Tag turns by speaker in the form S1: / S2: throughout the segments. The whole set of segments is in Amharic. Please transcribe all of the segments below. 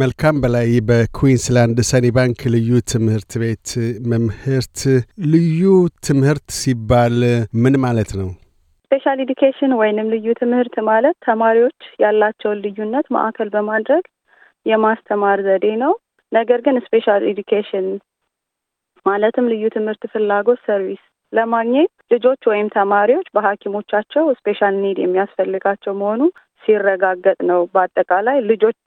S1: መልካም በላይ በኩዊንስላንድ ሰኒ ባንክ ልዩ ትምህርት ቤት መምህርት። ልዩ ትምህርት ሲባል ምን ማለት ነው?
S2: ስፔሻል ኤዲኬሽን ወይንም ልዩ ትምህርት ማለት ተማሪዎች ያላቸውን ልዩነት ማዕከል በማድረግ የማስተማር ዘዴ ነው። ነገር ግን ስፔሻል ኤዲኬሽን ማለትም ልዩ ትምህርት ፍላጎት ሰርቪስ ለማግኘት ልጆች ወይም ተማሪዎች በሐኪሞቻቸው ስፔሻል ኒድ የሚያስፈልጋቸው መሆኑ ሲረጋገጥ ነው። በአጠቃላይ ልጆች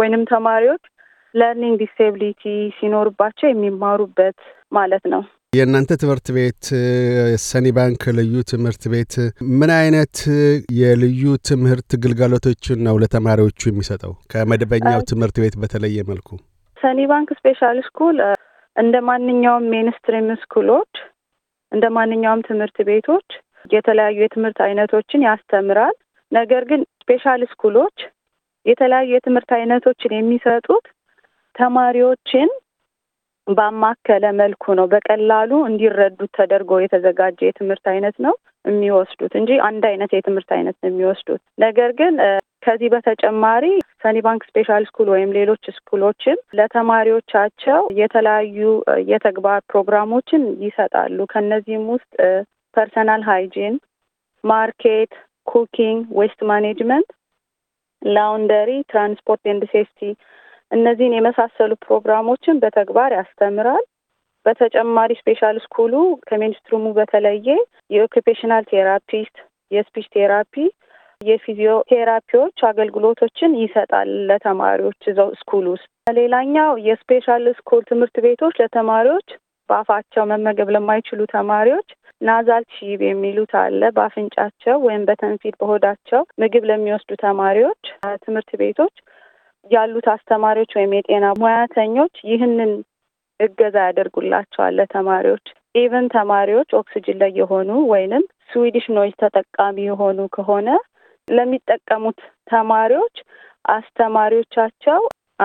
S2: ወይንም ተማሪዎች ለርኒንግ ዲስኤቢሊቲ ሲኖርባቸው የሚማሩበት ማለት ነው።
S1: የእናንተ ትምህርት ቤት ሰኒ ባንክ ልዩ ትምህርት ቤት ምን አይነት የልዩ ትምህርት ግልጋሎቶችን ነው ለተማሪዎቹ የሚሰጠው ከመደበኛው ትምህርት ቤት በተለየ መልኩ?
S2: ሰኒ ባንክ ስፔሻል ስኩል እንደ ማንኛውም ሜንስትሪም ስኩሎች እንደ ማንኛውም ትምህርት ቤቶች የተለያዩ የትምህርት አይነቶችን ያስተምራል። ነገር ግን ስፔሻል ስኩሎች የተለያዩ የትምህርት አይነቶችን የሚሰጡት ተማሪዎችን ባማከለ መልኩ ነው። በቀላሉ እንዲረዱት ተደርጎ የተዘጋጀ የትምህርት አይነት ነው የሚወስዱት እንጂ አንድ አይነት የትምህርት አይነት ነው የሚወስዱት። ነገር ግን ከዚህ በተጨማሪ ሰኒ ባንክ ስፔሻል ስኩል ወይም ሌሎች ስኩሎችም ለተማሪዎቻቸው የተለያዩ የተግባር ፕሮግራሞችን ይሰጣሉ። ከነዚህም ውስጥ ፐርሰናል ሃይጂን፣ ማርኬት፣ ኩኪንግ፣ ዌስት ማኔጅመንት፣ ላውንደሪ፣ ትራንስፖርት ኤንድ ሴፍቲ እነዚህን የመሳሰሉ ፕሮግራሞችን በተግባር ያስተምራል። በተጨማሪ ስፔሻል ስኩሉ ከሜንስትሪሙ በተለየ የኦኩፔሽናል ቴራፒስት፣ የስፒች ቴራፒ፣ የፊዚዮቴራፒዎች አገልግሎቶችን ይሰጣል ለተማሪዎች እዛው ስኩል ውስጥ። ሌላኛው የስፔሻል ስኩል ትምህርት ቤቶች ለተማሪዎች በአፋቸው መመገብ ለማይችሉ ተማሪዎች ናዛል ቺብ የሚሉት አለ። በአፍንጫቸው ወይም በተንፊት በሆዳቸው ምግብ ለሚወስዱ ተማሪዎች ትምህርት ቤቶች ያሉት አስተማሪዎች ወይም የጤና ሙያተኞች ይህንን እገዛ ያደርጉላቸዋል ለተማሪዎች ኢቨን ተማሪዎች ኦክስጅን ላይ የሆኑ ወይንም ስዊዲሽ ኖይዝ ተጠቃሚ የሆኑ ከሆነ ለሚጠቀሙት ተማሪዎች አስተማሪዎቻቸው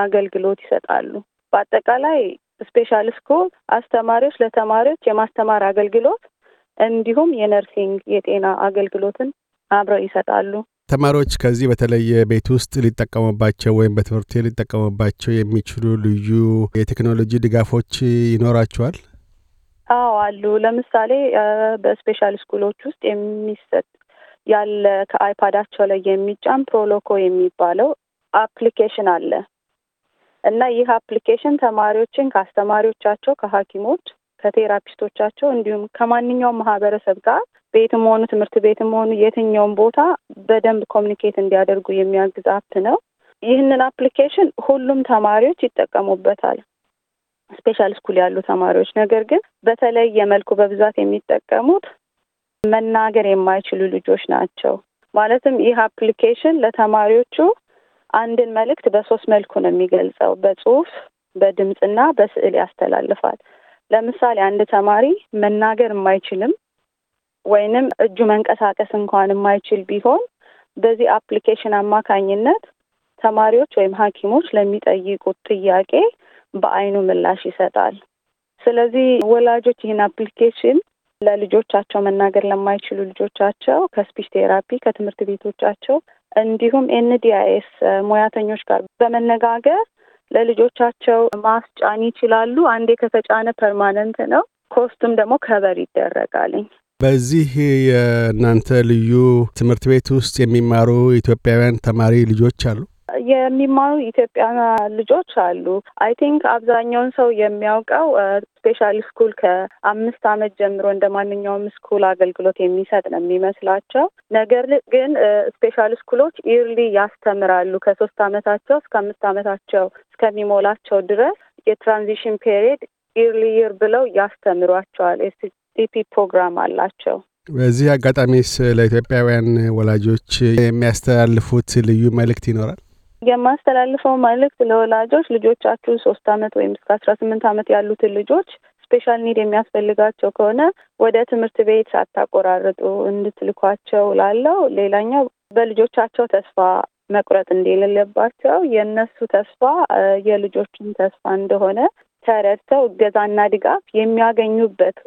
S2: አገልግሎት ይሰጣሉ። በአጠቃላይ ስፔሻል ስኩል አስተማሪዎች ለተማሪዎች የማስተማር አገልግሎት እንዲሁም የነርሲንግ የጤና አገልግሎትን አብረው ይሰጣሉ።
S1: ተማሪዎች ከዚህ በተለየ ቤት ውስጥ ሊጠቀሙባቸው ወይም በትምህርት ሊጠቀሙባቸው የሚችሉ ልዩ የቴክኖሎጂ ድጋፎች ይኖራቸዋል?
S2: አዎ አሉ። ለምሳሌ በስፔሻል ስኩሎች ውስጥ የሚሰጥ ያለ ከአይፓዳቸው ላይ የሚጫን ፕሮሎኮ የሚባለው አፕሊኬሽን አለ እና ይህ አፕሊኬሽን ተማሪዎችን ከአስተማሪዎቻቸው፣ ከሐኪሞች ከቴራፒስቶቻቸው እንዲሁም ከማንኛውም ማህበረሰብ ጋር ቤትም ሆኑ ትምህርት ቤትም ሆኑ የትኛውም ቦታ በደንብ ኮሚኒኬት እንዲያደርጉ የሚያግዝ አፕ ነው። ይህንን አፕሊኬሽን ሁሉም ተማሪዎች ይጠቀሙበታል፣ ስፔሻል ስኩል ያሉ ተማሪዎች። ነገር ግን በተለየ መልኩ በብዛት የሚጠቀሙት መናገር የማይችሉ ልጆች ናቸው። ማለትም ይህ አፕሊኬሽን ለተማሪዎቹ አንድን መልእክት በሶስት መልኩ ነው የሚገልጸው። በጽሁፍ፣ በድምፅና በስዕል ያስተላልፋል። ለምሳሌ አንድ ተማሪ መናገር የማይችልም ወይንም እጁ መንቀሳቀስ እንኳን የማይችል ቢሆን በዚህ አፕሊኬሽን አማካኝነት ተማሪዎች ወይም ሐኪሞች ለሚጠይቁት ጥያቄ በአይኑ ምላሽ ይሰጣል። ስለዚህ ወላጆች ይህን አፕሊኬሽን ለልጆቻቸው መናገር ለማይችሉ ልጆቻቸው ከስፒች ቴራፒ ከትምህርት ቤቶቻቸው እንዲሁም ኤንዲአይኤስ ሙያተኞች ጋር በመነጋገር ለልጆቻቸው ማስጫን ይችላሉ። አንዴ ከተጫነ ፐርማነንት ነው። ኮስቱም ደግሞ ከበር ይደረጋልኝ።
S1: በዚህ የእናንተ ልዩ ትምህርት ቤት ውስጥ የሚማሩ ኢትዮጵያውያን ተማሪ ልጆች አሉ?
S2: የሚማሩ ኢትዮጵያ ልጆች አሉ። አይ ቲንክ አብዛኛውን ሰው የሚያውቀው ስፔሻል uh, ስኩል ከአምስት ዓመት ጀምሮ እንደ ማንኛውም ስኩል አገልግሎት የሚሰጥ ነው የሚመስላቸው። ነገር ግን ስፔሻል ስኩሎች ኢርሊ ያስተምራሉ ከሶስት ዓመታቸው እስከ አምስት ዓመታቸው እስከሚሞላቸው ድረስ የትራንዚሽን ፔሪየድ ኢርሊ ይር ብለው ያስተምሯቸዋል። ኤስቲፒ ፕሮግራም አላቸው።
S1: በዚህ አጋጣሚስ ለኢትዮጵያውያን ወላጆች የሚያስተላልፉት ልዩ መልእክት ይኖራል?
S2: የማስተላልፈው መልእክት ለወላጆች ልጆቻችሁ ሶስት አመት ወይም እስከ አስራ ስምንት አመት ያሉትን ልጆች ስፔሻል ኒድ የሚያስፈልጋቸው ከሆነ ወደ ትምህርት ቤት ሳታቆራርጡ እንድትልኳቸው ላለው። ሌላኛው በልጆቻቸው ተስፋ መቁረጥ እንደሌለባቸው የእነሱ ተስፋ የልጆችን ተስፋ እንደሆነ ተረድተው እገዛና ድጋፍ የሚያገኙበት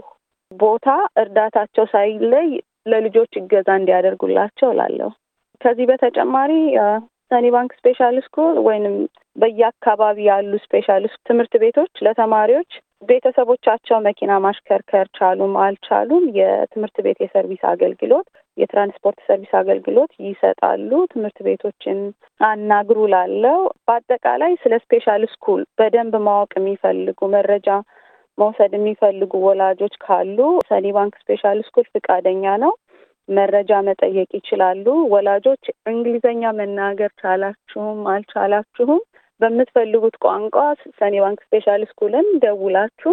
S2: ቦታ እርዳታቸው ሳይለይ ለልጆች እገዛ እንዲያደርጉላቸው ላለው። ከዚህ በተጨማሪ ሰኒ ባንክ ስፔሻል ስኩል ወይንም በየአካባቢ ያሉ ስፔሻሊስት ትምህርት ቤቶች ለተማሪዎች ቤተሰቦቻቸው መኪና ማሽከርከር ቻሉም አልቻሉም የትምህርት ቤት የሰርቪስ አገልግሎት የትራንስፖርት ሰርቪስ አገልግሎት ይሰጣሉ። ትምህርት ቤቶችን አናግሩ ላለው በአጠቃላይ ስለ ስፔሻል ስኩል በደንብ ማወቅ የሚፈልጉ መረጃ መውሰድ የሚፈልጉ ወላጆች ካሉ ሰኒ ባንክ ስፔሻል ስኩል ፍቃደኛ ነው። መረጃ መጠየቅ ይችላሉ። ወላጆች እንግሊዘኛ መናገር ቻላችሁም አልቻላችሁም በምትፈልጉት ቋንቋ ሰኔ ባንክ ስፔሻል ስኩልን ደውላችሁ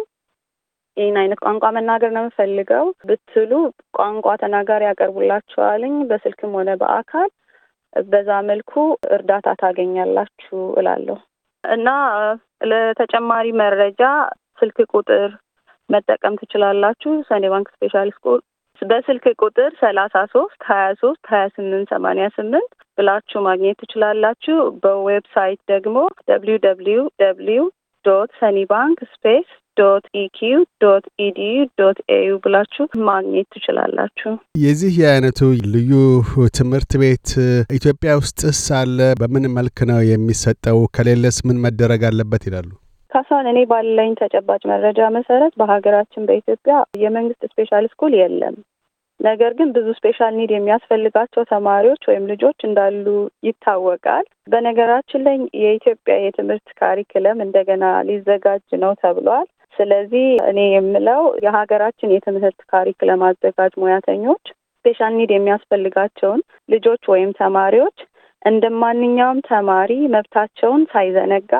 S2: ይህን አይነት ቋንቋ መናገር ነው የምፈልገው ብትሉ ቋንቋ ተናጋሪ ያቀርቡላችኋልኝ በስልክም ሆነ በአካል በዛ መልኩ እርዳታ ታገኛላችሁ እላለሁ እና ለተጨማሪ መረጃ ስልክ ቁጥር መጠቀም ትችላላችሁ። ሰኔ ባንክ ስፔሻል ስኩል በስልክ ቁጥር ሰላሳ ሶስት ሀያ ሶስት ሀያ ስምንት ሰማኒያ ስምንት ብላችሁ ማግኘት ትችላላችሁ። በዌብሳይት ደግሞ ደብሊው ደብሊው ደብሊው ዶት ሰኒ ባንክ ስፔስ ዶት ኢኪዩ ዶት ኢዲዩ ዶት ኤዩ ብላችሁ ማግኘት ትችላላችሁ።
S1: የዚህ የአይነቱ ልዩ ትምህርት ቤት ኢትዮጵያ ውስጥስ አለ? በምን መልክ ነው የሚሰጠው? ከሌለስ ምን መደረግ አለበት ይላሉ?
S2: ካሳሁን፣ እኔ ባለኝ ተጨባጭ መረጃ መሰረት በሀገራችን በኢትዮጵያ የመንግስት ስፔሻል ስኩል የለም። ነገር ግን ብዙ ስፔሻል ኒድ የሚያስፈልጋቸው ተማሪዎች ወይም ልጆች እንዳሉ ይታወቃል። በነገራችን ላይ የኢትዮጵያ የትምህርት ካሪክለም እንደገና ሊዘጋጅ ነው ተብሏል። ስለዚህ እኔ የምለው የሀገራችን የትምህርት ካሪክለም አዘጋጅ ሙያተኞች ስፔሻል ኒድ የሚያስፈልጋቸውን ልጆች ወይም ተማሪዎች እንደ ማንኛውም ተማሪ መብታቸውን ሳይዘነጋ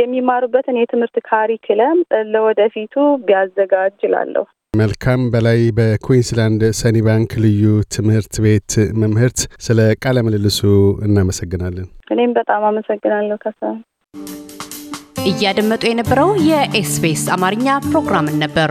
S2: የሚማሩበትን የትምህርት ካሪክለም ለወደፊቱ ቢያዘጋጅ እላለሁ።
S1: መልካም በላይ በኩዊንስላንድ ሰኒ ባንክ ልዩ ትምህርት ቤት መምህርት፣ ስለ ቃለ ምልልሱ እናመሰግናለን።
S2: እኔም በጣም አመሰግናለሁ ከሳ። እያደመጡ የነበረው የኤስቢኤስ አማርኛ ፕሮግራምን ነበር።